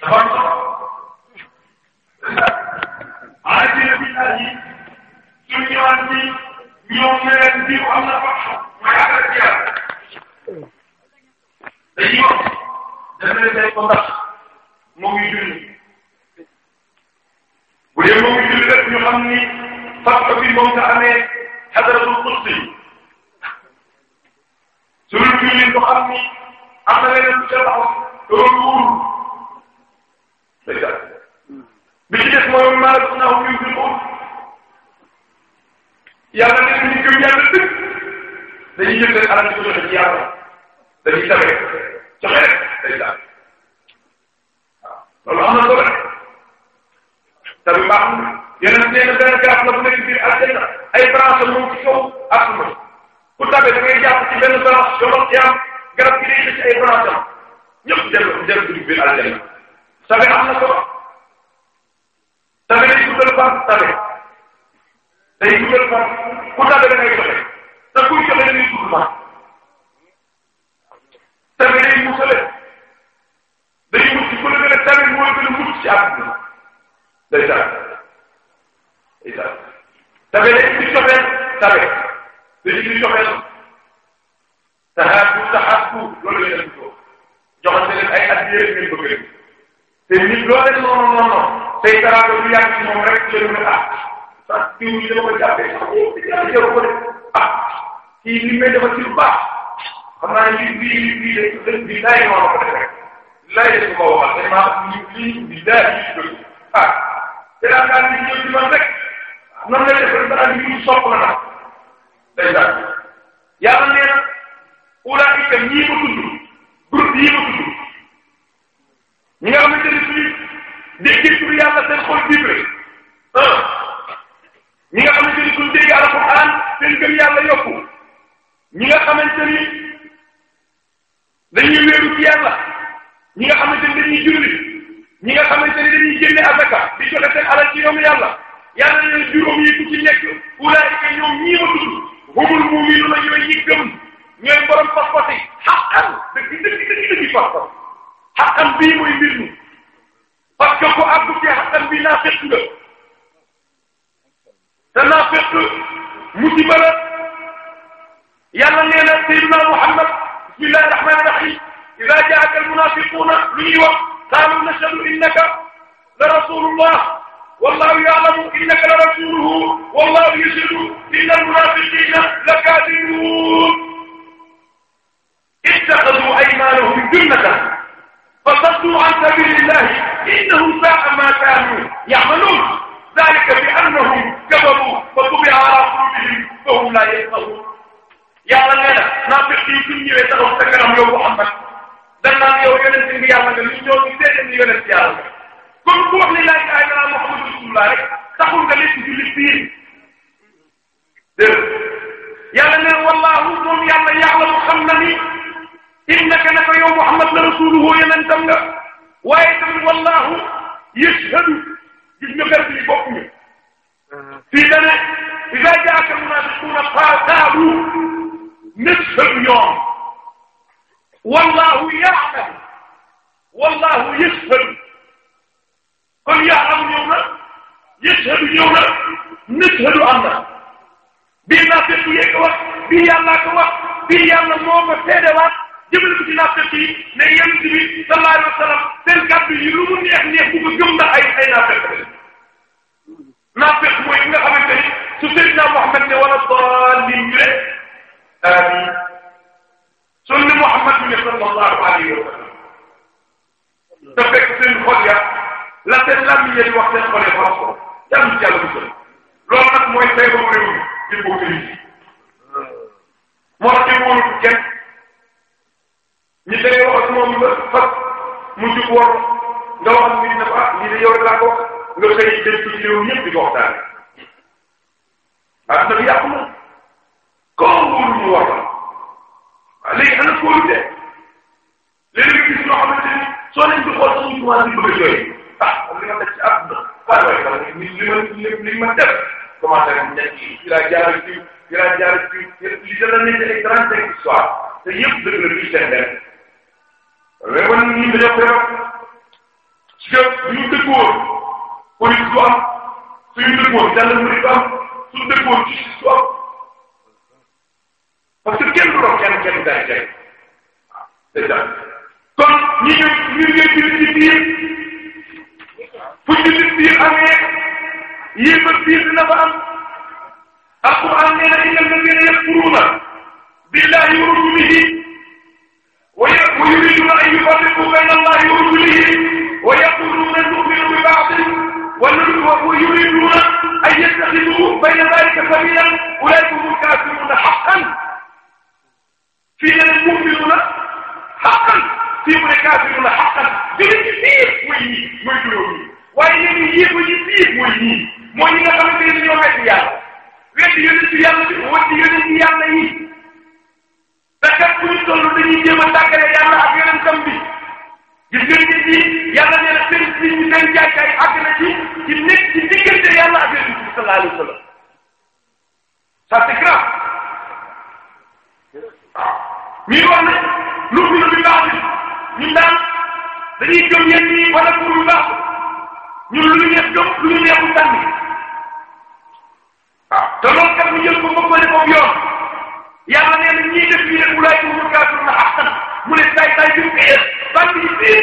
dafa am solo defal dara lii sopp na la day daal yàlla nee na ulaayika ñii ko tudd groupe yii ko tudd ñi nga xamante ne suñu déggee tur yàlla seen xol vibré ah ñi nga xamante ni suñu déggee alxuraan seen gëm yàlla yokku ñi nga xamante ni dañuy wéeru ci yàlla ñi nga xamante ni dañuy julli ñi nga xamante ni dañuy génne asaka di joxe seen alal ci yoonu yàlla. yàlla ne juróom yi ku ci nekk ulaayika ñoom ñii ma tudd humul mu'minuna ñooy ñi gëm ñooy borom pas-pas yi xaqan dëgg dëgg dëgg dëgg pas-pas xaqan bii mooy mbir mi parce que ku àggu ci xaqan bi naafeq nga te naafeq musiba la yàlla nee na sayyidina Muhammad bismillahir rahmanir rahim idha ja'aka al munafiquna lu ñuy wax qaalu nashhadu innaka la rasulullah wallahu ya'lamu innaka la rasuluhu wallahu yashhadu inna al-munafiqina lakadibun ittakhadhu aymanahum junnatan fasaddu an sabilillahi innahum sa'a ma kanu ya'malun dhalika bi annahum kafaru fa tubi'a ala qulubihim fa hum la yafqahun yàlla nee na naafiq yi suñ ñëwee taxaw sa kanam yow Muhammad dañ naan yow yonent bi yàlla nga li ñoo ci seede ni yonent yàlla kon ku wax ne laa ilaha illallah muhammadu rasulullah rek taxul nga nekk jullit fii dégg yàlla ne wallahu moom yàlla ya'lamu xam na ni innaka naka yow muhammad la rasuluhu yenentam nga waaye tamit wallahu yashhadu gis nga berb yi bokk ñu fii dane ida jaaka munafiquna qaatalu nashhadu ñoom wallahu ya'lamu wallahu yashhadu kon yaa am ñëw na yashhadu ñëw na nashhadu am na bii naafeq yee ko wax bii yàllaa ko wax bii yàlla moo ko seedewaat jëmale ko ci naafeq yi ne yonent bi sallallahu alayhi wa sallam seen kàddu yi lu mu neex neex bu ko gëm ndax ay ay naafeq naafeq mooy nga xamante ni su Seydina Muhammad ne wala daalliin ñu ne amiin sunni Muhammad ne sallallahu alayhi wa sallam te fekk seen xol ya la seen lam yi wax seen xoolee xorom ko yàlla ci yàlla musal loolu nag mooy feebaru réew mi il faut que ñu moo tax ñu wóorul kenn ñu day wax ak moom ba fas mu jub wor nga wax ni ne ko ah lii de yow rek laa ko nga xëy dem ci réew ñëpp di ko waxtaane ah dina yàqu na koo wóorul mu war la waaw léegi ana kóolute léegi gis loo xamante ni soo leen di xool suñu tubaab bi bëgg a jooy sax li ma def ci àdduna waaye waaye dama ni li ma li ma def commencé nañ nekk ci la jaaree ci ci la jaaree ci li dana nekk ay trente cinq soir te yëpp dëgg la du seen benn. mais kon ñun ñu def rek ci que ñu dëkkoon police du am suñu dëkkoon gendarmerie du am suñu dëkkoon justice du am parce que kenn du doon kenn kenn daay kenn c'est ça kon ñi ñëw ñu ngi ci biir. bu jullit bi amee yéefar biir dina fa am alquran nee na inna alladina yakfuruuna billahi wa rusulihi wa yuriduna an yufarriqu bayna allahi wa rusulihi wa yaquluna numinu bi baadin wa yuriduna an yattaxidu bayna dalika sabilan ulaika hum alkafiruna xaqan fii ne ne muminuna xaqan fii mu ne kafiruna xaqan jëlee ci biir muy muy juróom yi waaye nee na yéego yi biir mooy ñii mooy ñi nga xamante ne dañoo weddi yàlla weddi yonent yàlla bi weddi yonent yàlla yi dakat bu ñu toll dañuy jéem a tàggale yàlla ak yonentam bi gis nga nit ñi yàlla nee na seen si ñu seen jaaykaay àgg na ci ci nekk ci diggante yàlla ak yonent bi sallallahu alayhi wa sallam ça c'est grave waaw ah. ñuy wax ne lu fi lu bi baaxul ñun daal dañuy gëm yenn yi wala pour lu baaxul ñun lu ñu neex gëm lu ñu neexul tànn waaw te loolu kat ñu jël ko ba bëri moom yoon yàlla nee na ñiy def ñii rek wulaay tuuti gàttal na axtan mu ne tay tay bi mu koy def bànq yi biir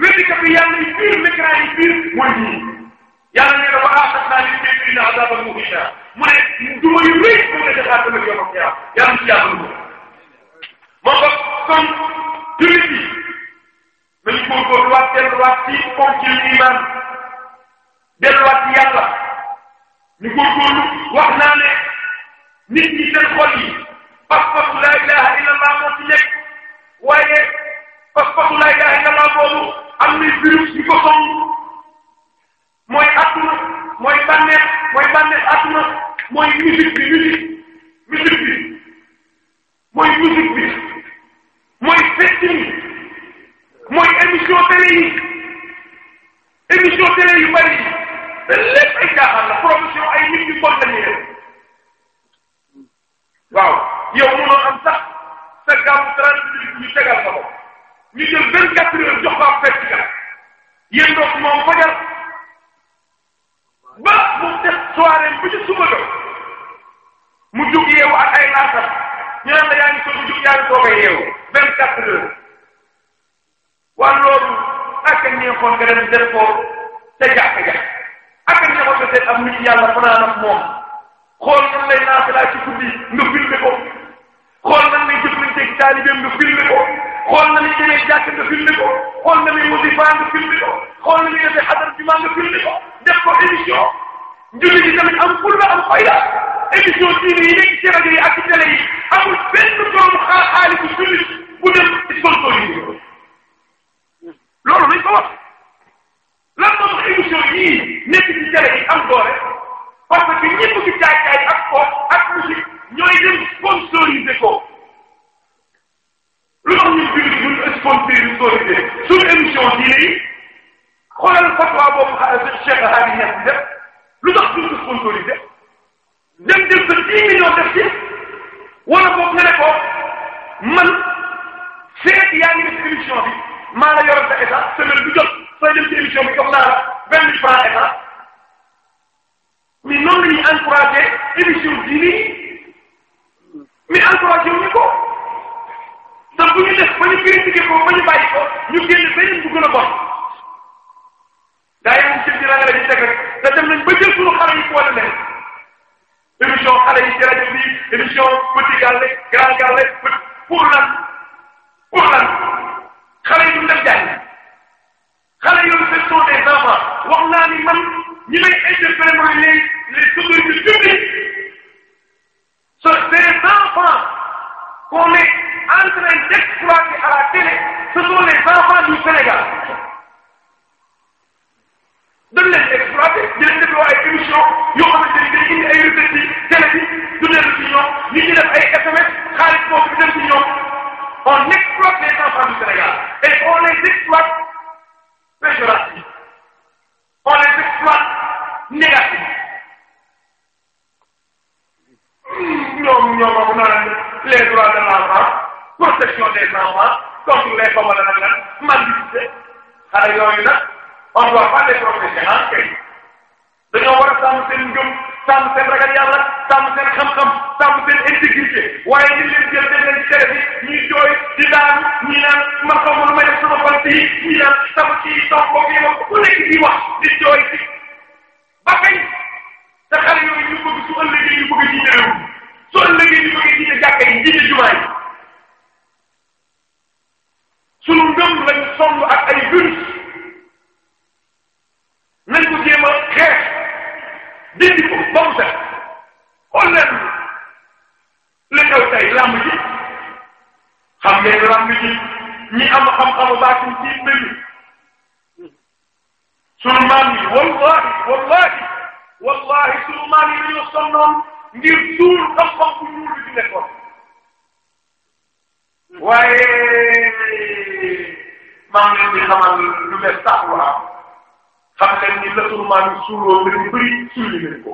wéddikat yi yàlla yi biir mécra yi biir mooy ñii yàlla nee na wa aaxatnaa lil kaafiriina azaaban muhiinan mu ne duma yu rëy moom la defaat tamit yow ak yàlla yàlla ci yàlla lu moo ko kon jullit yi nañu góorgóorluwaat delluwaat ci ponk yi delluwaat ci yàlla ñu góorgóorlu wax naa ne nit ñi seen xol yi pas-pasu laa ilaha illallah moo ci nekk waaye pas-pasu laa ilaha illallah boobu am na virus yu ko song mooy àdduna mooy bànneex mooy bànneex àdduna mooy musique bi musique musique bi mooy musique bi mooy festin mooy émission télé yi émission télé yu bari yi te lépp ay caaxaan la promotion ay waaw yow mënoon am sa gàmmu trente minutes ñu tegal sa vingt quatre heures jox ko am festival moom fajar ba mu def soirée bu ci suba mu jug yeewu ay laasam ñu naan la yaa ngi soog a jug yaa ngi soog a yeewu vingt quatre heures waaw loolu ak neexoon nga dem def ko sa jàkka jàkka ak ak njaboot bi am nit yàlla fanaan ak moom xool nan lay naafilaa ci guddi lay jëflanteeg taalibeem nga filmé ko xool na lay demee jàkk nga filmé ko xool na lay wasifa nga filmé ko xool na lay defee xadar juma nga filmé ko def ko émission njulli gi tamit am fulla am fayda émission diine yi ci rajo yi ak ci télé yi amul benn doomu xaar xaalisu jullit bu dem ko lan moo tax émission yii nekk ci télé yi am doole parce que ñëpp ci caay caay ak ko ak musique ñooy dem sponsoriser ko lu tax ñu bind buñ sponsoriser suñu émission diine yi xoolal fatwa boobu Cheikh Hadi Niass di def lu tax duñ ko sponsoriser dem dem ba dix millions def ci wala boog nga ne ko man seet yaa ngi def émission bi maa la yoral sa état sooy dem ci émission bi jox naa la vingt mille francs état mais noonu la ñuy encouragé émission bii nii mais encouragé ko ndax bu ñu def ba ñu critiqué ko ba ñu ko ñu génn beneen bu gën a bon daa yëngu ci biir engrais bi teg rek da dem nañ ba jël suñu xale yi boole leen émission xale yi ci rajo bi émission petit gàllé grand gàllé pour lan pour lan xale yooyu ce sont des enfants wax naa ni man ñi may interpellé mooy les les sous-régions publiques. suul moom mbir mu bëri suul nañ ko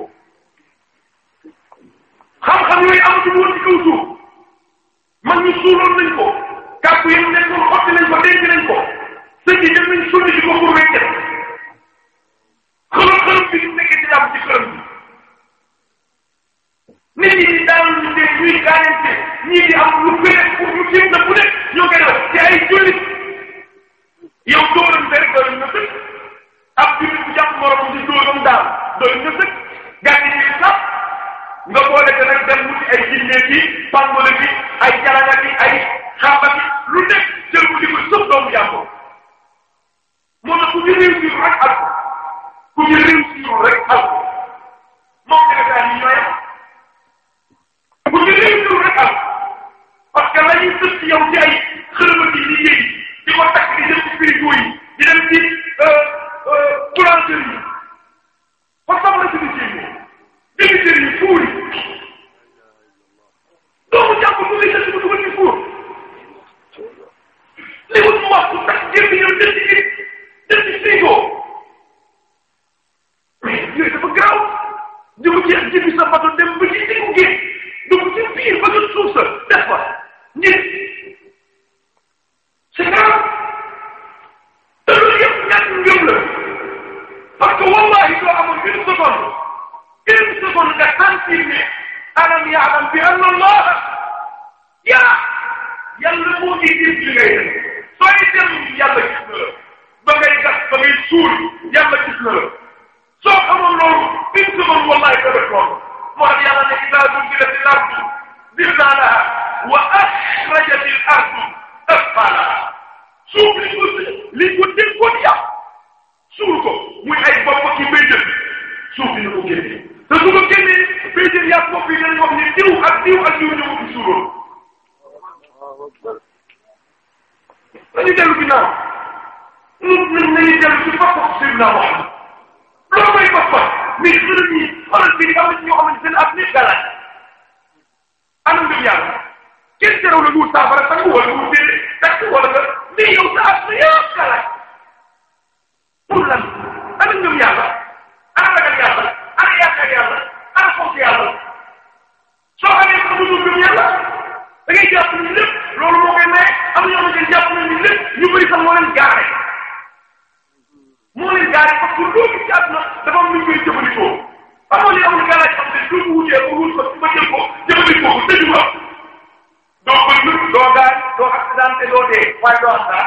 ak bopp yi dañ wax ni diw ak diw ak diw ñëw di suuroon dañu dellu ginnaaw nit ñi dañuy dellu ci boppam Seydina Muhammad loo may boppam mais jullit ñi xoolal bi am na ñoo xamante ne ak nit galaat anam ngëm yàlla kenn terew la wut saafara takk wala wut déedéet takk wala nga lii yow sa as na yëpp galaat pour lan anam ngëm yàlla ana ragal yàlla ana yaakaar yàlla ana fonk yàlla soo amee xamuñu gëm yàlla da ngay jàpp ni lépp loolu moo koy maye am na ñoo xamante ne jàpp nañ ni lépp ñu bëri sax moo leen gaare moo leen gaare parce que loo gis ci àdduna dafa am lu ñu koy jëfandikoo parce que li amul gàllaaj xam ne doo ko wutee ko wut ko ba jël ko jëfandikoo ko tëju ko doo ko nëb doo gaar doo accidenté doo dee waaye doo am dara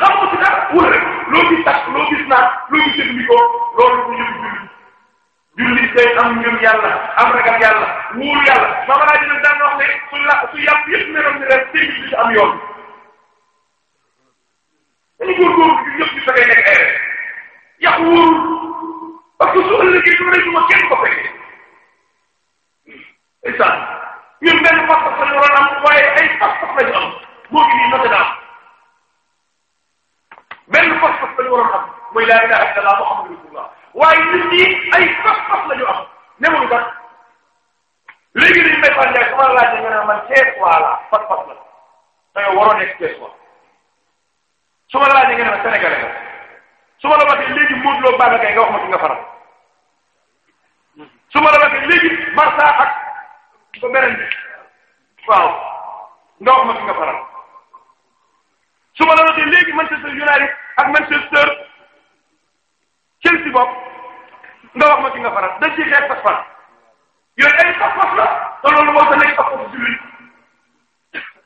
xamoo ci dara wala rek loo gis tax loo gis naan loo gis jëfandikoo loolu bu ñu jullit day am ngëm yàlla am ragal yàlla wóolu yàlla maama laa dina daan wax ne su la su yàpp yëpp meloon ni rek tey bi ci am yoon dañu góorgóorlu gi ñëpp ñu fekkee nekk ay rek yàq wóorul parce que su ëllëgee su ma nee ma kenn ko fekkee isaan ñun benn pas-pas la ñu waroon am waaye ay pas-pas la ñu am moo ngi nii noté naa benn pas-pas la ñu waroon am mooy laa ilaha illallah muhammadu rasulullah waaye nit ñi ay fas-fas la ñu am nemul kat léegi liñ may fan jaay su ma la laajee nga ne man Cees wala fas-fas la da nga waroon nekk Cees wala su ma la laajee nga ne ma Sénégalais la su ma la waxee léegi Modou Lo Balla nga wax ma ci nga faral su ma la waxee léegi Barça ak ba ma ci nga Manchester United ak Manchester. lañ ci xeex sax fan yooyu ay sax la te loolu moo tax nekk sax foofu jullit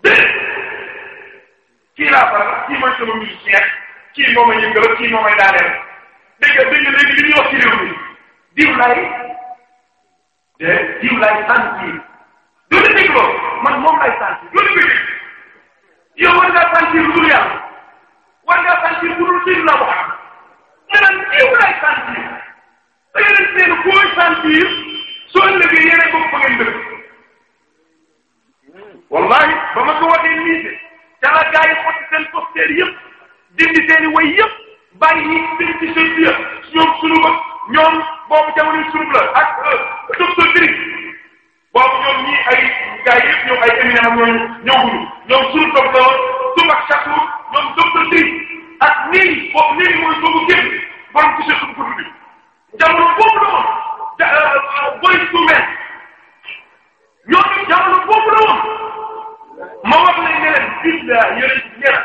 dégg kii laa faral kii mooy sama musicien kii moo may yëngal kii moo may daaneel dégg nga dégg nga léegi li ñuy wax ci réew mi diw laay de diw laay sentir doo di dégg loolu man moom lay sentir doo di dégg yow war ngaa sentir lu dul yàlla war ngaa sentir lu dul diw la wax nga naan diw laay sentir. da nga leen seen koo sentir soo lëggee yéene ko fa ngeen dëkk wallahi ba ma ko waxee nii de ca la gaa yi xotti seen poster yëpp dindi seen way yëpp bàyyi ñi seen ci seen yëpp ñoom sunu ba ñoom boobu jamono sunu la ak euh, docteur Dirick boobu ñoom ñii ay gaa yëpp ñoom ay éminents ñoom ñëwuñu ñoom sunu docteur Toubak Chakour ñoom docteur Dirick ak nii boobu nii mooy soobu génn borom ko seen sunu produit. jamono boobu la woon ja euh, euh, booy suumee ñooñu jamono boobu la woon ma wax ne ne leen billa yore ñeneen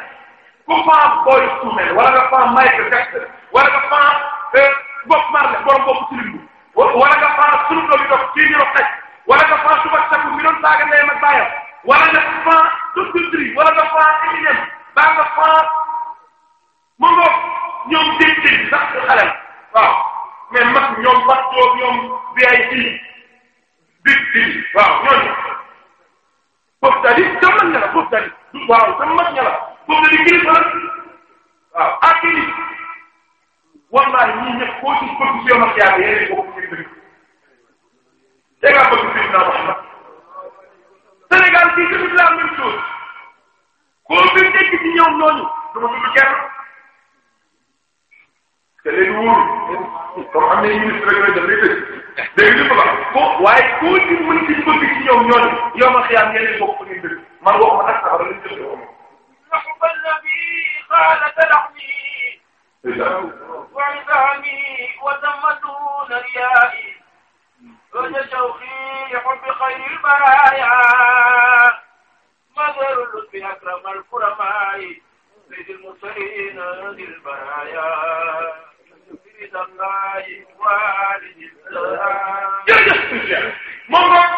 ku faa booy suumee wala nga faa Michael Jackson wala nga faa euh, Bob Marley borom bopp Sylvie wala nga faa sunu doom yi dox kii ñu dox teg wala nga faa Tupac Shakur mi doon saaga ndeyam ak baayam wala nga faa Dr. wala nga faa Eminem baa nga faa ma ngoog ñoom dégg-dégg sax xale waaw. mais mag ñoom battoo ñoom VIP big bi waaw ñooñu foofu daal di sa mag ña la foofu daal di waaw sa mag ña la foofu daal di kilifa la waaw ak yi wallahi ñii ñëpp koo ci bëgg si yow ak yaa ngi ko bëgg si dëkk Sénégal bëgg si dina wax nag Sénégal fii tamit la même chose koo fi nekk ci ñoom ñooñu dama tudd kenn te leen wóorul comme am na ministre yooyu dafay tëj dégg nga li ma ko waaye koo ci mën ci bëgg ci ñoom ñooñu yow ma xiyaam ngeen di bokk fu ñuy dëkk man wax ma nag sax lañ jël yow. أكرم الكرماء سيد المرسلين ذي البرايا jërëjëf moom nag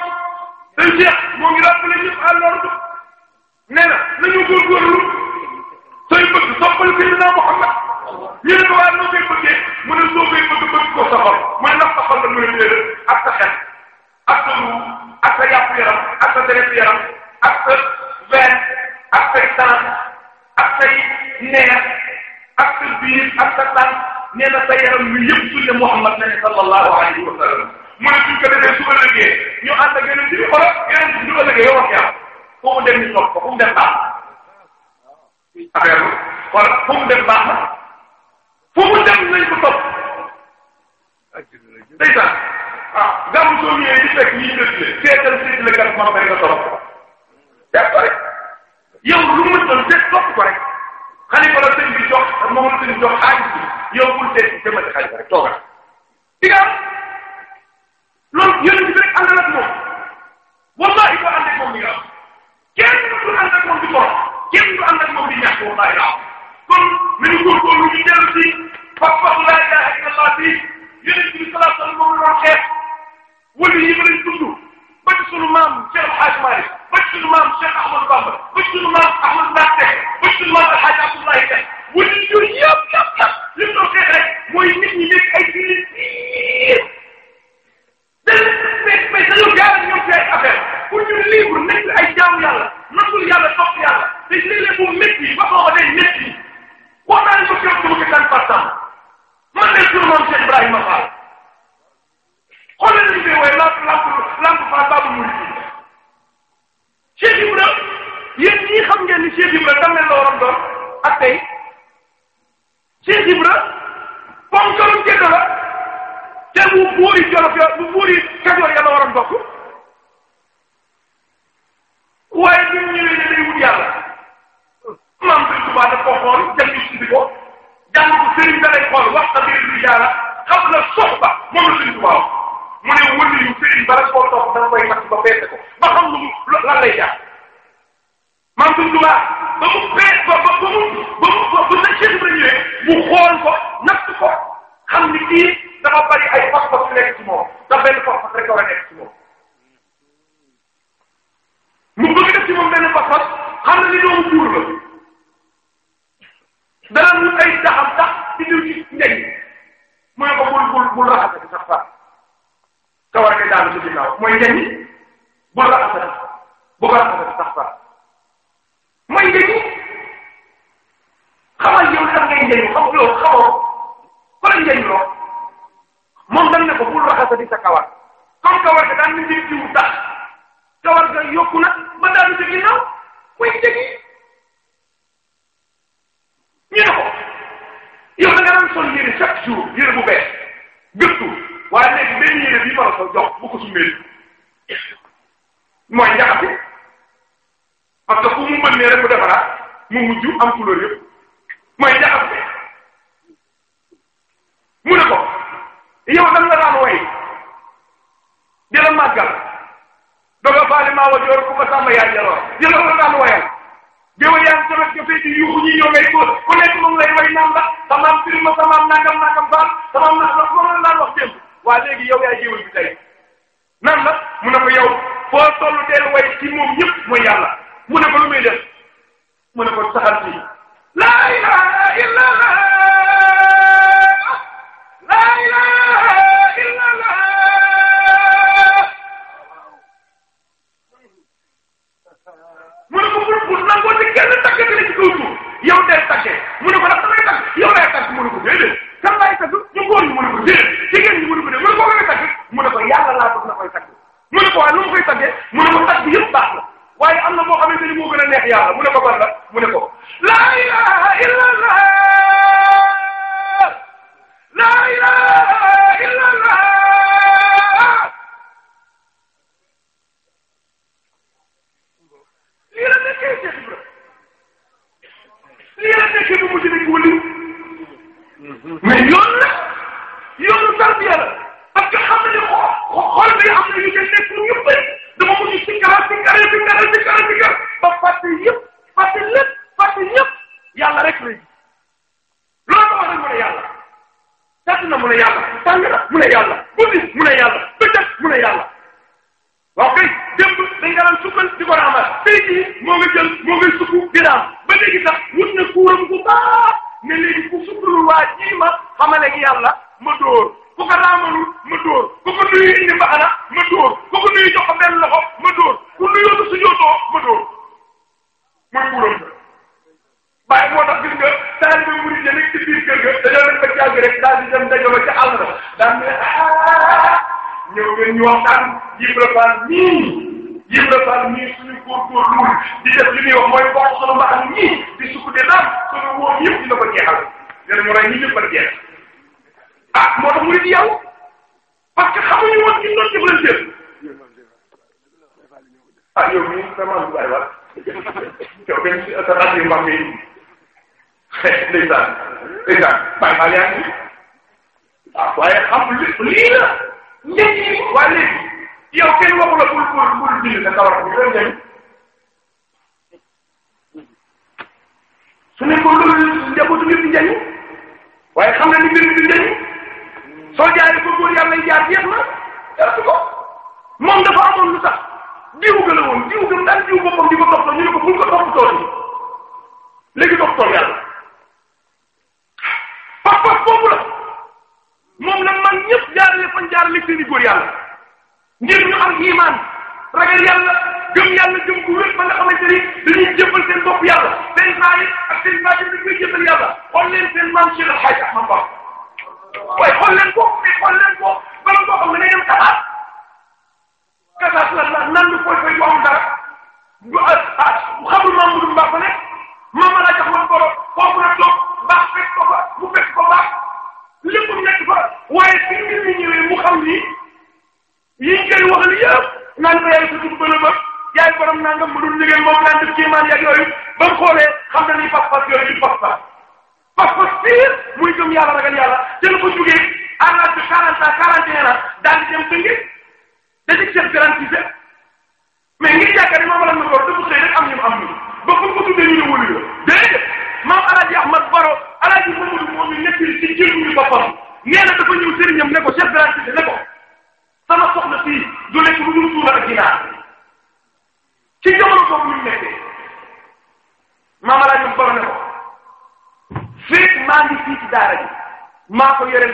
day jeex moo ngi rappelé ñëpp à l'ordre nee na nañu góorgóorlu sooy bëgg soppal Seydina Muhammad ñu ne ko waaye noo koy bëggee mu ne soo koy bëgg bëgg ko sa xol mooy lan sa xol la muy léer ak sa xel ak sa dugub ak sa yàpp yaram ak sa deret yaram ak sa veine ak say tànk ak say neex ak sa biir ak sa tànk nee na sa yaram wi yëpp sunne Muhammad nañu sallallahu alayhi wa sallam mooy suñ ko defee su ëllëgee ñu ànd ak yeneen suñu xoolal yeneen suñu ëllëgee yow ak yàlla fu mu dem ñu toog ko fu mu dem baax affaire bi kon fu mu dem baax na fu mu dem nañ ko topp. day tax ah gàmmu soo ñëwee di fekk ñi ñu dëkkee seetal seetal kat ma nga topp. d'accord yow lu mu doon seet topp ko rek. xalifa la sëñ bi jox moom la sëñ jox xaalis bi yow bul dee jëmale xalifa rek toogal di nga am loolu yéen bi rek ànd ak moom wallahi doo ànd ak moom di nga am kenn du ànd ak moom di toog kenn du ànd ak moom di ñàkk wallahi la kon nañu góorgóorlu ñu dellu si faffax la ilaha illallah bi yéen bi salaatu moom la doon xeex wala yi ma leen dund ba ci sunu maam Cheikh Hadj Malick suñu maam Cheikh Ahmadou Bamba ba suñu maam Ahmadou Mbacke ba suñu maam El Hadj Abdoulaye Seck wala ñun yëpp yëpp yëpp li mu doon seet rek mooy nit ñi nekk ay jullit yëpp. dañuy fekk fekk dañoo jaar ak ñoom seen affaire pour ñu libre nekk ay jaamu yàlla nangul yàlla topp yàlla te léeg-léeg mu métti ba xaw a day métti wax naa ne ko képp ku nekk par temps man de suñu maam Cheikh Ibrahima Fall xoolal li muy woowee lamp lamp lamp Fall Babou Mourid Cheikh Ibra yéen ñii xam ngeen ni Cheikh Ibra dam leen la waroon doon ak tey Cheikh Ibra ponkalum jëkk la te bu buuri Jolof ya bu buuri Kajoor ya waaye bi mu ñëwee ne day wut yàlla maam bi Tuubaa daf ko xool jàng si ko jàng ko sëriñ da lay xool wax na biir lu soxba moom la Sëriñ Tuubaa mu ne wënde yu fii bala koo toog da nga koy mat ba peese ko ba xam lu mu lan lay jaar maam Sëriñ Tuubaa ba mu pees ba ba ba mu ba mu ba sa ceeb la ñëwee mu xool ko natt ko xam ni kii dafa bari ay pas-pas yu nekk ci moom dafa benn pas-pas rek war a nekk ci moom. mu bëgg def ci moom benn pas-pas xam na ni doomu buur la dana wut ay daxam tax di ñëw ci ndey mu ne ko bul bul bul raxas sax sax. kawar nga daanu ci kaw mooy njëriñ boo ko rafetlu boo ko rafetlu sax mooy njëriñ xam yow xamoo ko la loo moom dañ ne ko bul raxasati sa kawar comme kawar nga daan nañ ci jiwu tax kawar nga yokku na ba daanu ci ginnaaw mooy njëriñ yére bi war ko jox bu ko sumbee mooy njaxati parce fu mu mën nee rek mu defaraat mu mujj am couleur yëpp mooy mu ne ko yow nan la daan way di la màggal doga faale maa wajoor ku ko sàmm yaay jaloo di la la daan wayal géwél yaa ngi tamit nga fay di yuuxu ñi ñëw ngay góor ku nekk moom lay way naan la samaam firma samaam nangam nangam baal samaam nangam loolu la daan wax démb waa léegi yow yaay géwél bi tey nan la mu ne ko yow foo toll deel way ci moom ñëpp mooy yàlla mu ne ko lu muy def mu ne ko saxal ci laa ilaha illa allah laa ilaha illa allah mu ne ko bul bul nangoo ci kenn takkati la ci kaw suuf yow dee takkee mu ne ko ndax damay takk yow lay takk mu ne ko déedéet kan laay tagg ñu góor ñu mën a ko déedéet jigéen ñi mën a ko def mën koo koy tagg mu ne ko yàlla laa bëgg na koy tagg mu ne ko waaye lu ma koy taggee mu ne ko tagg yëpp baax na waaye am na moo xamante ni moo gën a neex yàlla mu ne ko ban la mu ne ko la ilaha illa allah la ilaha illa allah lii la nekkee Cheikh Ibrahima lii la nekkee bu mujj nekk waliw Mm-hmm. mais yoon la yoonu tarbiya la parce que xam nga ne xool bi am na yu ca nekk ñu bëri dama mujj si kala si kala si kala si kala si kala ba fàtte yëpp fàtte lépp.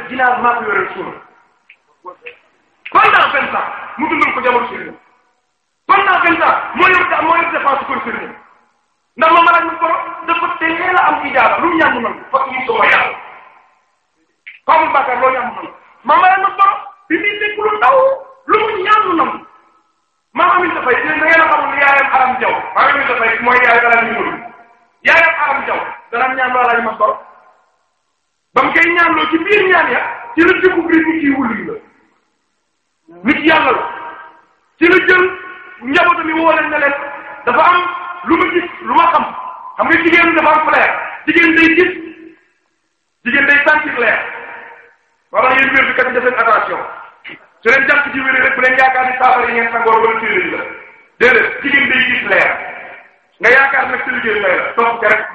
ginnaaw maa ko yore suuna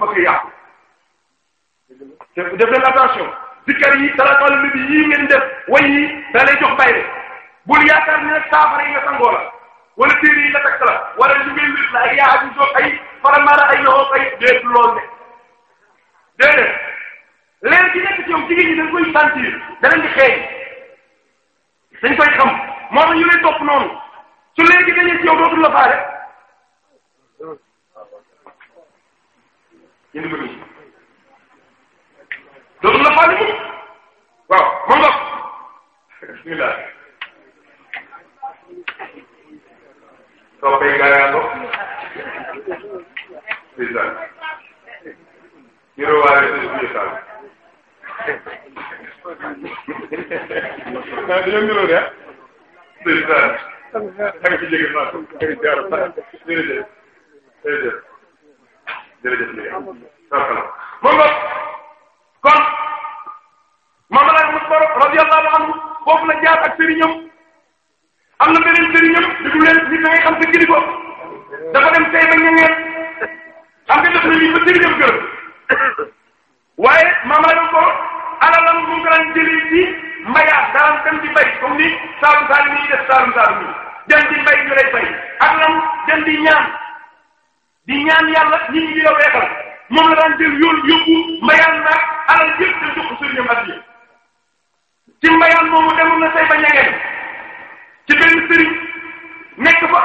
bëgg a yàqu. def leen attention dikkar yi salaatu ala nabi yii ngeen def way yi da lay jox bayre bul yaakaar ne saafara yi nga sangoo wala téere yi nga takk la wala li ngay wér la ay yaa ñu jox ay faramara ay loxo ay déet lool ne déedéet leer gi nekk ci yow jigéen ñi dañ koy sentir danañ di xeeñ dañ koy xam moo tax ñu lay topp noonu su leer gi dañee ci yow dootul la faale yéen bëgg yi loolu la Malick waaw moom la bismillah soo koy gaayaatoo ndeysaan yoroo waale si suñu saal ah dañoo niroo de ndeysaan ak fi jege maa ko jërëjëf jërëjëf jërëjëf Ndiaye. moom la kon Maam Alaaji Mustafaa radiyallahu anhu foofu la jaar ak sëriñam na beneen sëriñam di leen nit da ngay xam sa kilifa dafa dem tey ba ñeneen xam nga def na lii ba sëriñam gërëm waaye Maam Alaaji Mustafaa alalam mu ngi daan jëlee ci mbayaat daan dem di bay comme ni Saalum Saalum yi def Saalum Saalum yi dem di bay ñu lay bay ak lan dem di ñaan. di ñaan yàlla ñi ñu ngi la weexal moom la daan jël yoon yóbbu mbayaan naag alal yëpp da jox sëriñam ak yi ci mbayaan moomu demoon na say ba ñegeen ci benn sëriñ nekk fa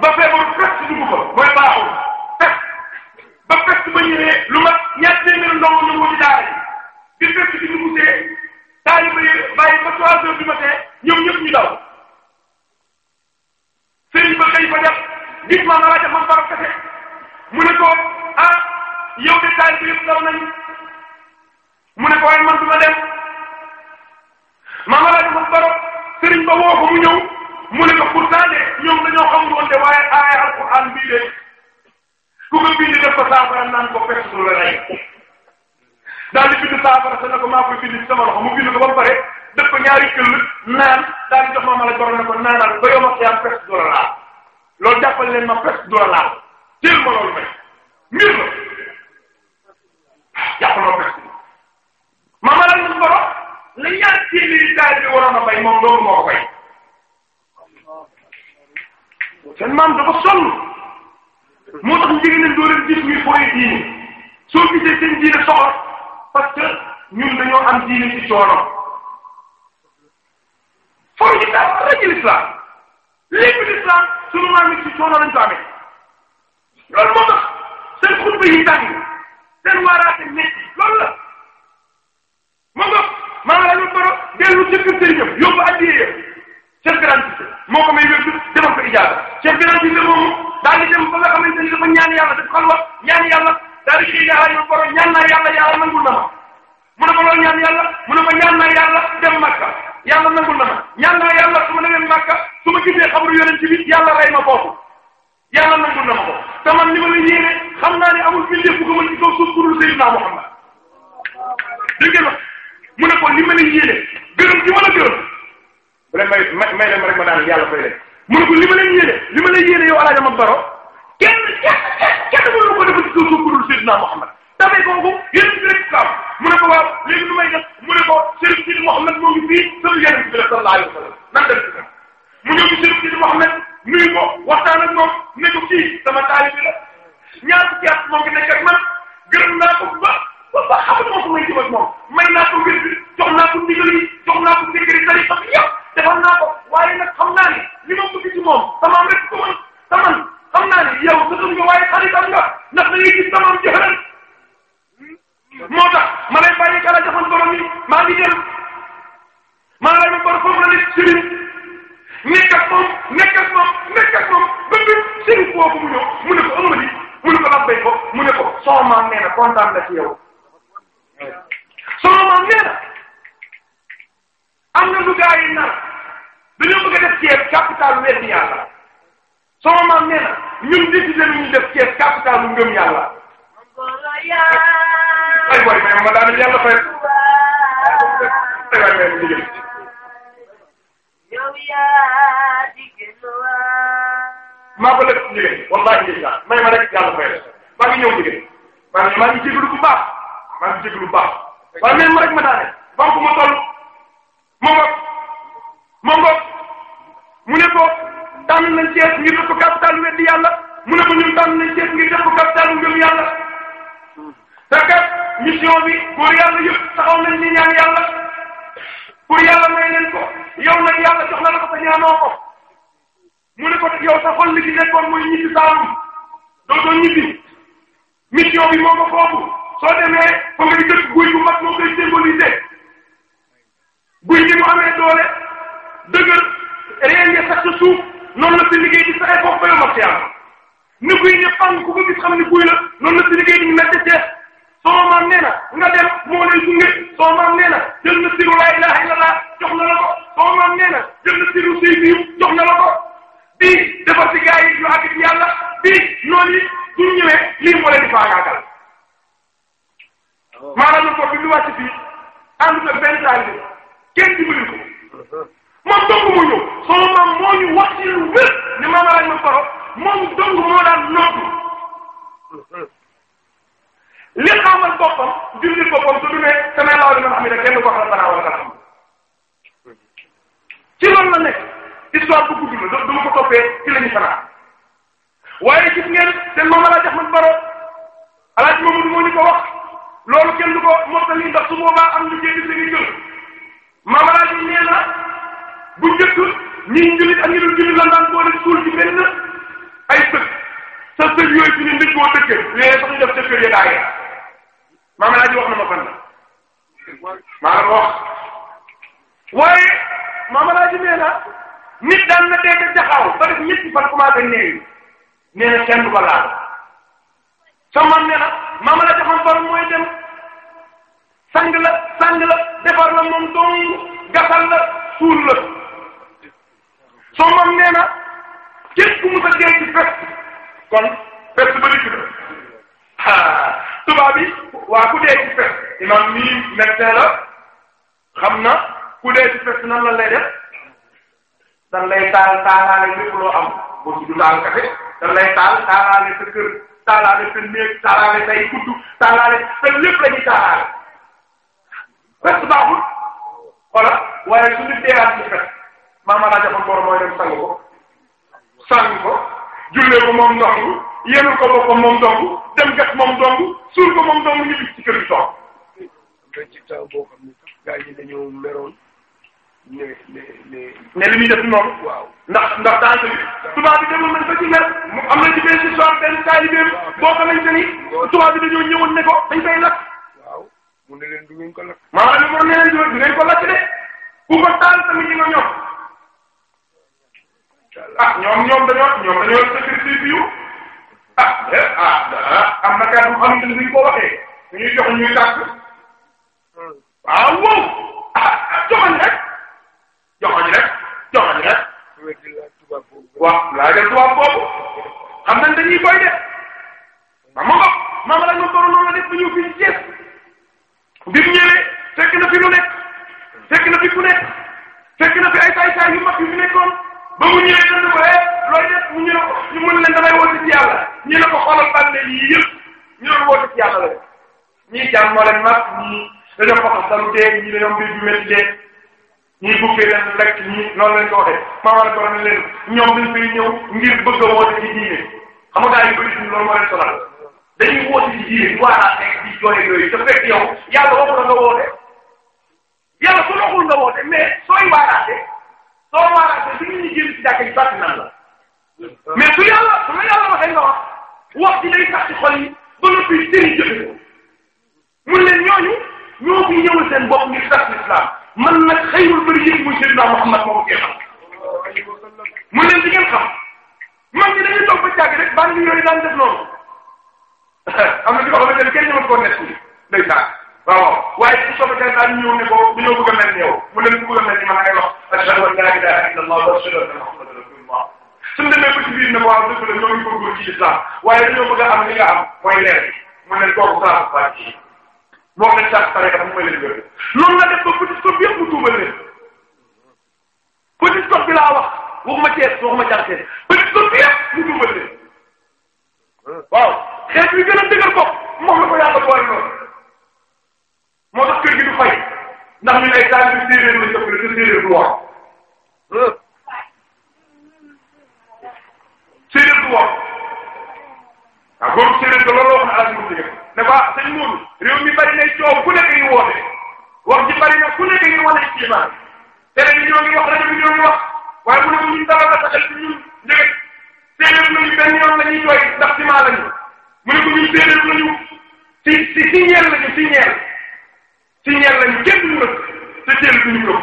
ba feebaru presque dugg fa mooy baaxul presque ba presque ba ñëwee lu mat ñaar téeméer ndongo ñu woo ci daara yi di presque di dugg see taaliba yi bàyyi ba trois heures du matin ñoom ñëpp ñu daw sëriñ ba xëy fa def gis ma mu ne ko waaye man duma dem maama laaj ma baro sëriñ ba woo ko mu ñëw mu ne ko pourtant de ñoom dañoo xamul woon de waaye aaya alquran bii de ku ko bind def ko saafara naan ko fekk su la rey daal di bind saafara sa ne ko maa koy bind ci sama loxo mu bind ko ba pare def ko ñaari këll naan daal di jox maama laaj baro ne ko naanal la laal ma la laal ma loolu may mbir la yàquloo ko ci ma la ñu borom la ñaar téeméeri taal bi bay moom loolu moo ko bay seen maam dafa sonn moo tax njëgën leen doo leen gis ñuy fooy diine soo gisee seen diine soxor parce que ñun dañoo am diine ci coono fooy ñu daal rek l'islam lépp l'islam sunu maam yi ci coono lañ ko amee loolu moo tax seen xutba yi tàng seen waaraate nit loolu la ma nga maa la ñu boro dellu ci kër sëriñam yóbbu addiyee chef garantie moo ko may wétu defal ko ijaaba chef garantie la moomu daal di dem ba nga xamante ni dafa ñaan yàlla def xalwa ñaan yàlla daal di xëy daal ñu boro ñaan naa yàlla yàlla nangul na ma mu a ma loolu ñaan yàlla mu ne ma ñaan naa yàlla dem Makka yàlla nangul na ma ñaan naa yàlla su ma demee Makka su ma gisee xabaru yonent bi yàlla ma foofu yàlla nangul na ma ko te man li ma la yéene xam naa ne amul mbindeef bu ko mën ci kaw suuf ku dul Seydina Muhammad dégg nga mu ne ko li ma la yéene gërëm gi ma la gërëm bu leen may may ma rek ma daanaka yàlla fay leen mu ko li ma la yéene li ma la yéene yow Alaaji Amadu Baro kenn kenn kenn mënu ko defal ci kaw suuf ku dul Seydina Muhammad dafay ko ko sa suuf noonu la sa di sa ay bopp ba yomal xiyaama ni ne fànn ku ko gis xam ne kuy la noonu la sa liggéey di ñu mette ceeb sama maam nga dem moo lay gunge sama maam nee na jël na laa ilaha illallah jox na la ko sama maam nee na jël na siru jox na la ko bii defar ci gaa yi ñu àgg ci yàlla bii noonu yi suñu ñëwee lii moo leen di faagaagal oh. maanaam na ko bi lu wàcc fii ànd ak benn taal moom dong mu ñëw sama maam moo ñu wax ci lu wér ni maam lañ ma faro moom dong moo daan noppi li xamal boppam julli boppam su dumee samay laaw di man xam ne kenn du ko xam banaa wala xam ci loolu la nekk histoire bu gudd la du ma ko toppee ci la ñu fanaan waaye gis ngeen seen maam alaaj Ahmad Baro alaaj Mamadou moo ñu ko wax loolu kenn du ko mottali ndax su boobaa am lu jéggi si ngi jël maam alaaj nee na bu njëkk ñii njëlit ak ñi dul jullit lan daan boole suul ci benn ay sëg sa sëg yooyu fi ne ndëj koo dëkke léeg sax ñu def sa kër ya daayee maama laa ji wax na ma fan la maa la waaye maama laa ji nee nit daan na dee ca jaxaaw ba def ñetti fan commencé néew nee na kenn du ko laal sama nee na maama la joxoon borom mooy dem sang la sang la defar moom dong gasal la suul la soo moom nee na képp ku mu sa dee ci peste kon peste ba dikk la ah tubaab bi waa ku dee ci peste imam mii médecin la xam na ku dee ci peste nan la lay def dan lay taal taalaale lépp loo am boo si du taal kafe dan lay taal taalaale sa kër taalaale sa néeg taalaale say kudd taalaale sa lépp la ñuy taalaale peste baaxul voilà waaye su ñu deewaat ci peste marmala jafam borom mooy dem sang ko sang ko jullee ko moom ndong yéenal ko boppam moom dong dem gat moom dong suul ko moom dong ñu lig ci kër gi toog da ci temps boo xam ne sax gars yi dañoo meroon ne ne ne ne li ñuy def noonu waaw ndax ndax danse bi tubaab bi demoon nañ ba ci mer mu am na ci benn histoire benn taalibeem boo ne ko dañ koy lakk waaw mu ne leen du ngeen ko lakk ne leen ko lakk de ku ko taal tamit ñi nga ñoom ah ñoom ñoom dañoo ñoom dañoo sacrifice yu ah ah, ah am na kàddu xam ne ni ko waxee ñuy jox ñuy tàkk waaw wow ah, ah joxoñ rek joxoñ rek joxoñ rek. waaw laa jël tubaab boobu xam nañ dañuy koy def ma ma bopp maama la ñu borom la def ba ñëw fii Thiès bi mu ñëwee fekk fi lu nekk fekk na fi ku nekk fekk na fi ay saay saay yu mag yu fi nekkoon. ba mu ñëwee dund ko eh looy def ñu ne ko ñu mën leen damay woote ci yàlla ñu ne ko xoolal bànneel yi yëpp ñu doon woote ci yàlla la ñii jàmm moo leen mag ñii dañoo ko xasalu dee ñii dañoo mbir bi métti dee ñii bukkee leen lekk ñii noonu lañ ko waxee maawal borom ne leen ñoom dañ fay ñëw ngir bëgg a woote ci diine xam nga yu bëri suñu loolu moo leen sonal dañuy woote ci diine di waaraat rek di jooy yooyu te fekk yow yàlla waxul nga woote yàlla su waxul nga woote mais sooy waaraatee soo maaraatee bi nit ñi jël ci jàkka ji bàtt nan la mais su yàlla su la yàlla nga wax wax ci day tax ci xol yi ba noppi sëriñ jëfe mun leen ñooñu ñoo fi ñëwal seen bopp ngir tax l'islam man nag xëyul bëri yëpp muy Seydina Muhammad moomu kee xam mun leen di ngeen xam man ñi dañuy toog ba jàgg rek bànn yooyu daan def noonu am na ci loo xamante ne kenn ñëwal koo nekk day tax waaw waaye bu soobee kenn daal ñëw ne ko dañoo bëgg a mel ni yow mu leen bëgg a mel ni man ngay wax ashhadu an laa ilaaha illallah wa ashhadu anna muhammadan rasulullah suñu demee ba ci biir ne ko waaw dëgg la ñoo ngi góorgóor ci islam waaye dañoo bëgg a am li nga am mooy leer bi mu leen kooku saa bu baax ci moo leen saa pare kat mu may leen gërëm loolu la def ba petit stop bi yëpp mu tuubal leen petit stop bi laa wax waxuma Thiès waxuma Thiès petit stop bi yëpp mu tuubal leen waaw xeet bi gën a dëgër bopp moom la ko yàlla boole noonu moo tax kër gi du fay ndax ñun ay taal yu séeréer la jëpp la te séeréer du wax séeréer du wax waaw boobu séeréer da looloo na alal bi ne ko ah mi bari nay coow ku nekk ñu ji bari na ku nekk ñu wane ci iman télé bi ñoo ngi wax rajo bi ñoo ngi wax waaye mu ne ko ñun dara la taxal ci ñun njëkk séeréer lañu benn yoon la ñuy jooy ndax ci maa lañu mu ne ko ñun séeréer lañu ci ci ci ñeel lañu ci ci ñeent lañ kenn duñu rëkk te teel duñu ko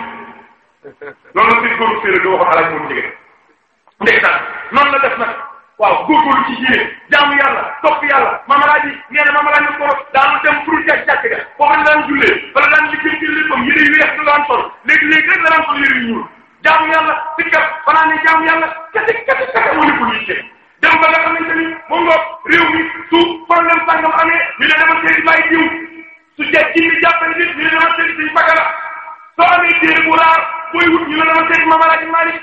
loolu la seen góor séeréer di wax alaaj moom jigéen la def nag waaw góorgóorlu ci jiire jaamu yàlla topp yàlla mamalaaji nee na mamalaaji borom daanu dem pour jàkk jàkk ga boo xam ne daan jullee wala daan liggéey ci léppam yére yu weex du daan sol léegi-léegi rek la daan sol yére yu ñuul jaamu yàlla sikkat fanaa ne jaamu yàlla kese kese kese wane ko luy cee ni moom nga réew mi su problème sàngam amee ñu ne dama see di bàyyi jiw su jeeg jinni jàppale nit ñu ne naan seen siñ bagala soo amee téere bu raar booy wut ñu ne naan seen mamalaaj malik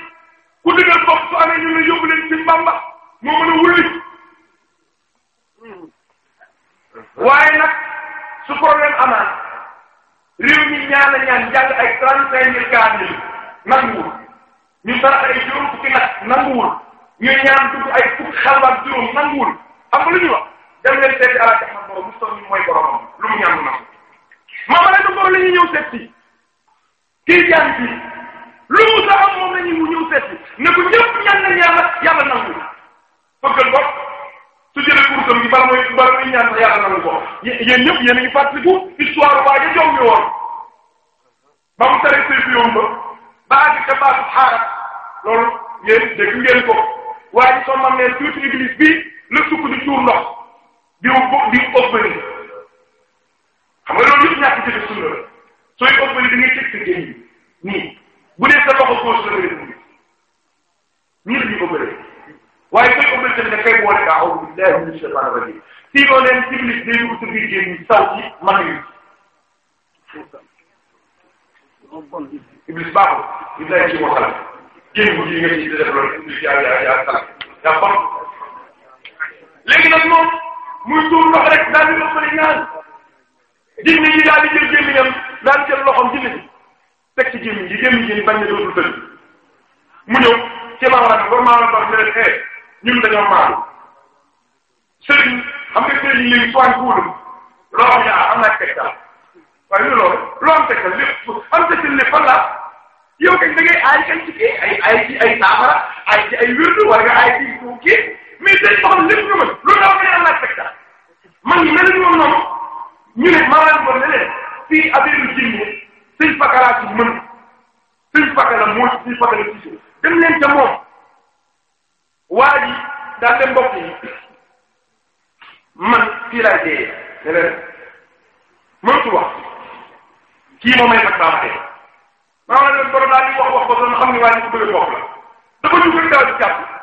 ku dëggal bopp su amee ñu ne yóbbu leen siñ bamba moo mën a wulli waaye nag su problème amaan réew mi ñaan ñaan jàng ay trente cinq mille kaamil nanguwul ñu sarax ay juróom nag nanguwul ñu ñaan dugg ay fukk xalwaat juróom nanguwul am nga lu ñu wax dem leen seeti El Hadj Ahmad Borom Moussa ñu mooy boromam lu mu ñaan na ko maam El Hadj Borom la ñuy ñëw seet si kii jaan bi lu mu sa am moom la ñuy ñëw seet si ne ko ñëpp ñaan nañ yàlla yàlla nangu fëggal ko su jëlee kursam gi bala muy bala muy ñaan yàlla nangu ko yéen ñëpp yéen a ngi fàttaliku histoire waa ja jow mi woon ba mu tere seet yoon ba ba àgg ca baatu xaaral loolu ngeen dégg ngeen ko waaye ci soo mam neen tuuti église bi la sukk di tuur ndox di ko di ëppali xam nga loolu yëpp ñàkk jëfe sunna la sooy ëppali da ngay teg sa génn nii bu dee sa loxo gauche la ngay dugg nii la ñuy ëppalee waaye sooy ëppali tamit da koy boole kaa aw billahi min shaytan rajim sinon leen iblis day dugg sa biir génn saw ci man yi iblis baaxul iblis ci waxal génn bu ji nga ci def loolu iblis yaa yaa yaa sal muy tuur ndox rek daal di ëppali naan jinne yi daal di jël gémmiñam daal di jël loxom jinne bi teg ci gémmiñ gi gémmiñ gi bañ ne dootul tëdd mu ñëw ci maawaram ba maawaram ba ne leen eh ñun dañoo maanu sëriñ xam nga sëriñ léegi soiñ kuudum loo xam yaa ah, am naa tegtal waaye lu loolu loo am tegtal lépp am tegtal lépp fan la yow kañ da ngay aay kañ ci kii ay ay ci ay saafara ay ci ay wirdu wala nga aay ci kii mais tey boo xam lépp nga mën loolu dafa koy ànd ak spectacle man mel ni ñoom noonu ñu ne maanaam ba leneen fii affaire yu jiw moom sëñ Fakala ci mën sëñ Fakala moo ci sëñ Fakala ci suuf dem leen ca moom waa ji daal dem mbokk yi man fii laay dee ne leen mëntu kii moom maa ngi leen borom daal di wax wax ba doon xam ne waa ji ku a bokk la dafa ñu gën daal di jàpp.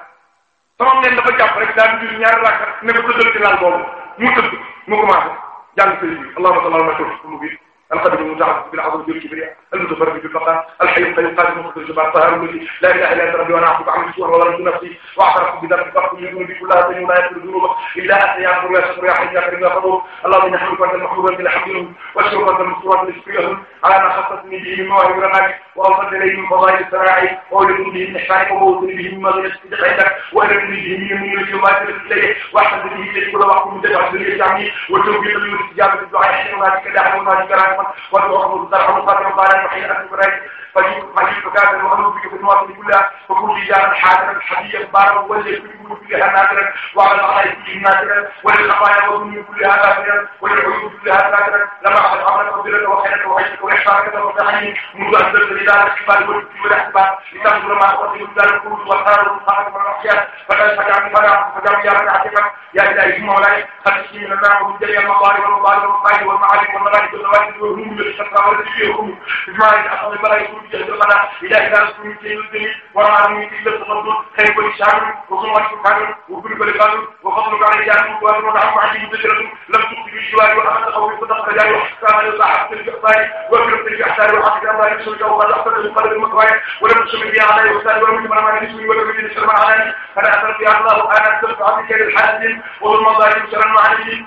sama neen dafa jàpp rek daal di julli ñaari rakka ne ko tëddal ci laal boobu mu tëdd mu commencé jàng sëriñ bi allahumma salli ala muhammad القدر المتعبد بالعظم والكبرياء المتفرد بالبقاء الحي القيوم قادم مخرج الجماعة الطاهر الذي لا اله الا انت ربي وانا اعبدك عن السوء وظلمت نفسي واعترفت بذنبي فاغفر لي ذنوبي كلها طيب ولا يغفر الذنوب الا انت يا غفور يا شكور يا حي يا كريم يا غفور اللهم نحمدك وانت المحبوب وانت الحمدون واشكرك وانت المشكور وانت الشكريهم على ما خصصتني به من مواهب رماك واوصلت اليه من فضائل السراعي واولدني به من احسانك وبوصني به من مغنى الصدق عندك والمني به من يمينك وما تلفت اليه واحسن به اليك كل وقت من تجعل اليه تعمي وتوفيق لي واستجابه الدعاء حين وناديك داعي وناديك راعي الحرم والأرض الزرع مقدم قال يحيى أبن بريد مليك كان المغلوب في النواصب كلها وكل رجال حاضرا حبيا بارا ولي كل جنود كلها نادرا وعلى العطايا كلهم نادرا وللخطايا والذنوب كلها نادرا وللعيوب كلها نادرا لما أخذ عملك وبرك وخيرك وعيشك وإحسانك وتعينك منذ أن تبدأ إلى الاحتفال والكتب والاحتفال لتنظر ما أقدم من الكروز والثار والصحابة والأحياء فقد فجعني فلا فجعني يا من أعتقد يا إلهي مولاي خلصني من النار ومن جري المطار والمطار والمطار والمعارف والمغارب والمغارب وهم بالشقاء والتبيهم إجماعي أصحاب البراء يكون في أهل القناة إلى إذا رسول من سيد الدنيا ورعا من سيد التفضل خير كل شعب وكل وشك كان وكل كل كان وفضل على جانب وكل ونعم عليه ذكرة لم تكتب الشوال وأخذ أو يصدق فجاء وحسان يصعب في الإحصان وكل في الإحسان وحسن الله يسوي جو قد أحسن القلب المقرأ ولم تسمي بي على يحسان ولم يمر ما يسوي ولم يمر شر ما عليه فلا أثر في الله أنا أثر في عبدك للحاسد وظلم الله يسرا عليه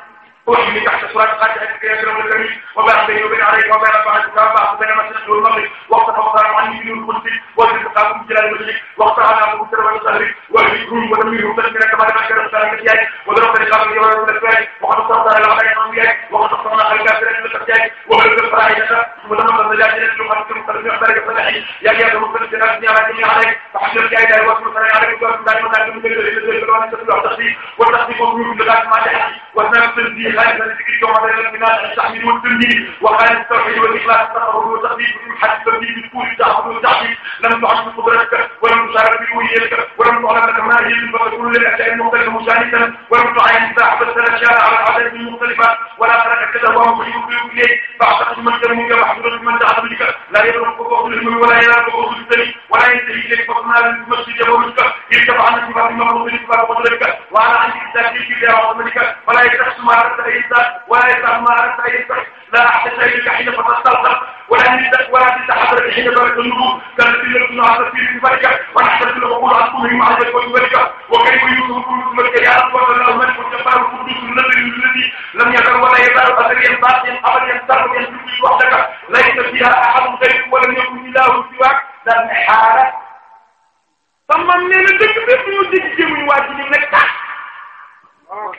أحمي تحت صراط قاتلك يا أكرم الأكرمين وما بين وبين عليك وما بعدك وبعد بين مسجد والمغرب وقت فقط عني من القدس وارزقكم بجلال وجهك وقت على أبو سر وجهك وأهلكم وتميرهم تذكر كما تذكر سلامك ياك وضربت لقابل يوم الأسفل وقد صرت على غير أنبيائك وقد صرنا على الكافرين من الأسفل وغلب الفرائض ولما تزجاج لك وخلقكم خلقنا أخبارك فلاحي يا يا مصر جناب نعمتني عليك فحمدك يا إلهي وأسمع عليك وأسمع عليك وأسمع عليك وأسمع عليك وأسمع عليك وأسمع عليك وأسمع عليك وأسمع عليك وأسمع عليك وأسمع عليك وأسمع عليك وأسمع عليك wa tara tënk yi xarit فيك ومثلا لما تستحمل وتبني وحال التوحيد والاخلاص تقرب وتقديم حتى تبني بالكل تعبد وتعبيد لم تعد قدرتك ولم تشعر بوجهك ولم تعلم ما هي فتكون للاعداء مختلفا مشاركا ولم تعين صاحب الثلاث على العدد المختلفه ولا تركك له وهو يقرب اليك فاعتقد من ترمك محدود من تعلم بك لا يدرك فوق الهم ولا يراك فوق السبيل ولا ينتهي اليك فوق مال المسجد ومسك يركب عن سباب المخلوق سباب قدرك وعلى عن ذاتك لا عظمك ولا يتحس ما رد الانسان وليس أمارا سيسر لا أحد شيء حين فتستلقى ولا نزل ولا تتحضر حين بلد النبوة كانت لكم هذا في الملكة ونحن لكم أقول أصلهم مع ذلك الملكة وكيف يوزن كل الملكة يا أكبر له الملك الجبار القدوس النبي الذي لم يزل ولا يزال أثريا باقيا أبدا سرد ينزل وحدك ليس فيها أحد غيرك ولم يكن إله سواك لا الحالة ثم من ذكر بيقول ذكر من واجب لك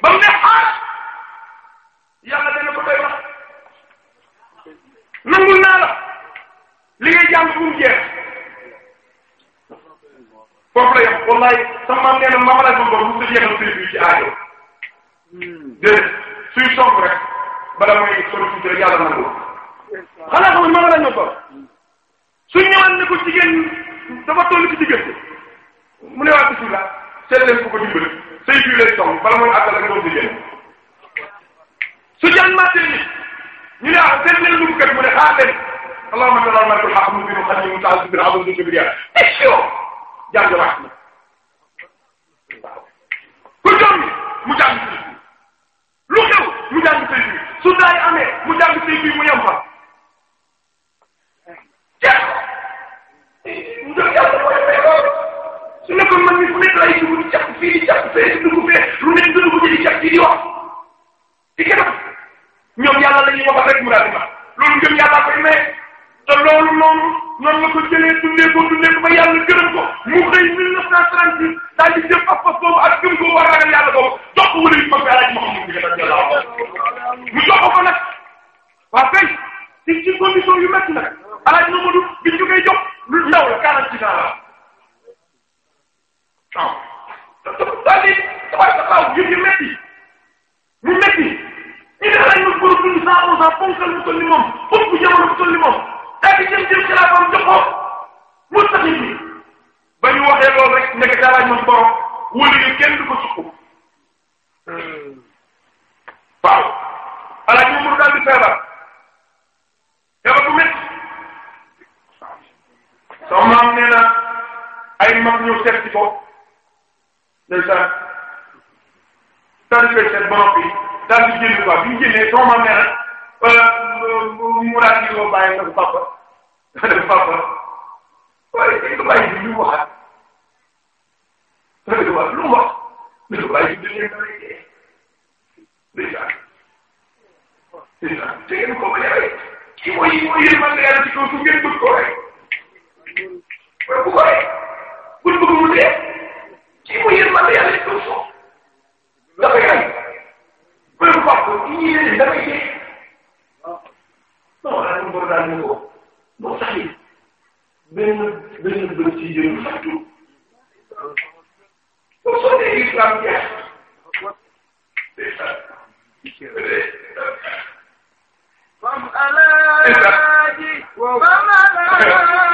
ba mu ne xaar yàlla dana ko koy wax nangul naa la li ngay jàng bu mu jeex foofu la yem wallahi sama maam nee na maam laaj ma boobu bu jeexal suy bi ci aajo déedéet suy soog rek bala may sori tuuti rek yàlla nangul xanaa xamul maam laaj ma boobu su ñëwaan ne ko jigéen dafa toll ci diggante mu ne waa bisimilah seet leen ko ko dimbali say biir lay soog bala mooy àggal ak doom jigéen mattee nit ñu ne ah seen leen dugub kat mu ne xaar leen allahumma salli ala malikul haq mu binu xadim mu taal sibir abal dund bi yàlla question jàng wax na waaw ku jom mu jàng say biir lu xew mu jàng say biir su daay amee mu jàng say biir mu yem fa jeex njëkk yàlla mooy feebar su nekkoon man mi fu nekk lay dugg di jàpp fii di jàpp fee di dugg fee lu nekk dugg di jàpp fii di wax di kenn ñoom yàlla la ñuy waxal rek mu daal di mat loolu ngëm yàlla ba yàlla di jëm ak fas boobu ak gëm ko war ragal yàlla boobu topp la 46 di tabax taxaw yëf yi Ibrahima góor bu ñu cent pour cent ponkal mu toll ni moom foofu bu jamono mu toll ni moom daal di jëm jëm xilaafaam jox ko mu taxi bi ba ñu waxee loolu rek nekk daalaaj moom borom wóolu yi kenn du ko sukk waaw alaaj moom mu daal di feebar feebar bu métti sama maam nee na ay mag ñëw seet ci ko ndeysaan tari koy seet ba noppi daal di jënd quoi bi ñu jëndee soo ma mel mu daal di woo bàyyi nag papa nag papa waaye dañ ko bàyyi bi ñu waxaat dañ ko wax lu mu wax dañ ko bàyyi bi ñu dèjà dèjà te ngeen ko bëggee rek ci mooy mooy yéen man yàlla ci kaw su ngeen bëgg ko rek waaye bu ko rek buñ bëgg mu dee ci mooy yéen man yàlla ci kaw suuf dafa yàgg peu importe yéen damay dee non daal Mbour daal ñu ko non sax yi benn benn bët ci yéen fàttu pour sauver l'islam jeex فامألاجي فامألاجي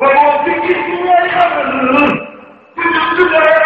وموفقين يا رب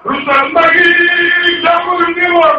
Rusa magi jamur ni war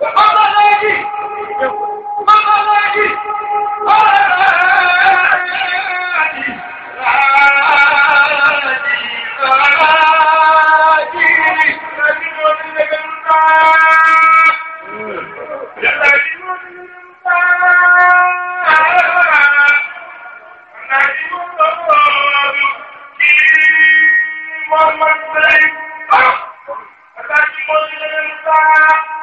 Muhammad Blake. Ah! Adájú mọ́ ní ẹ̀rọ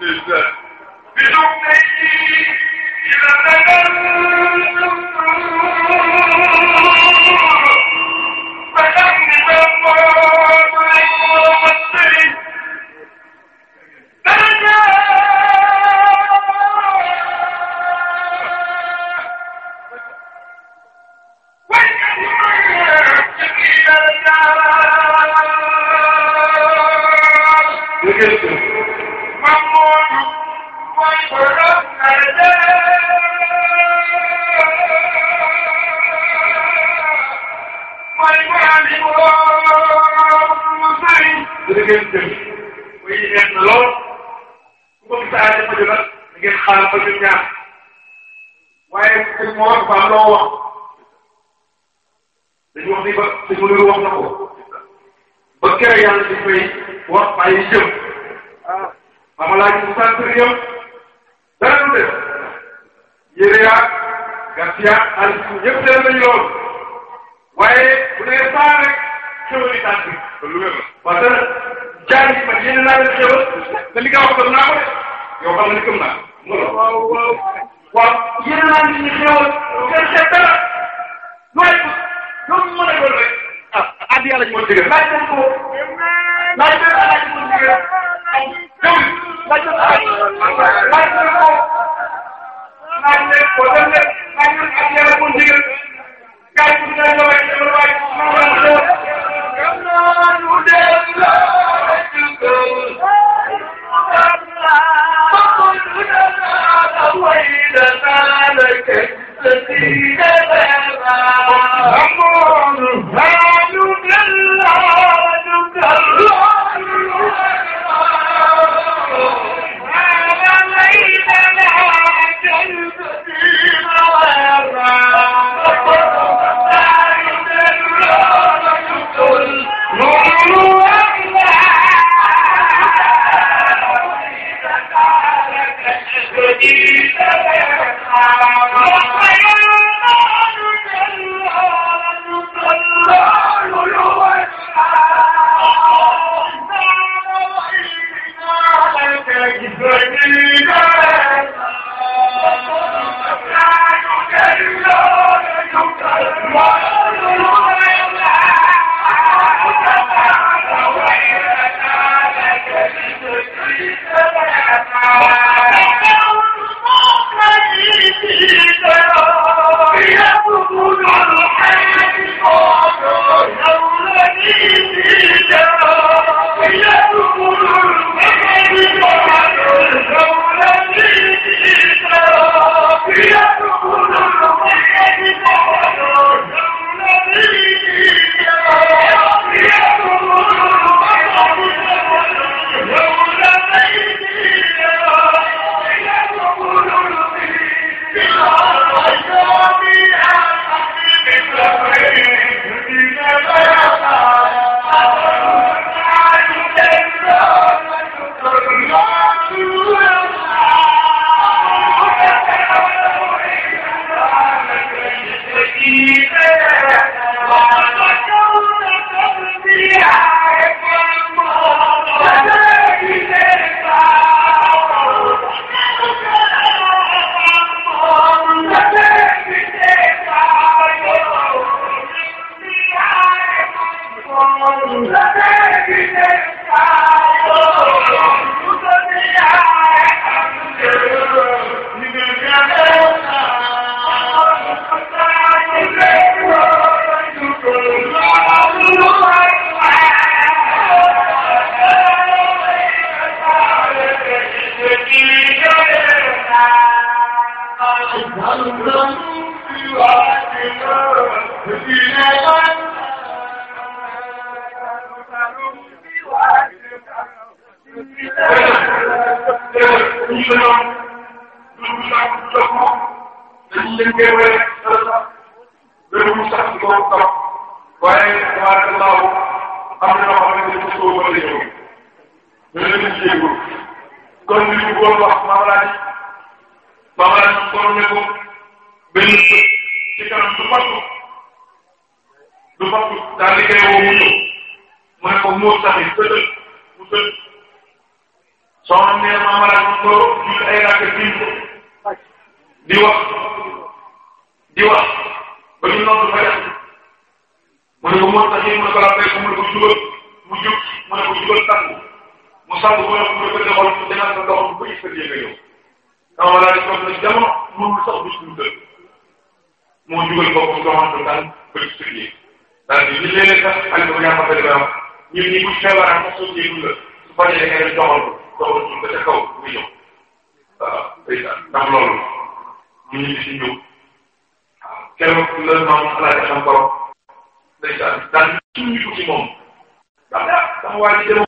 Bismillah.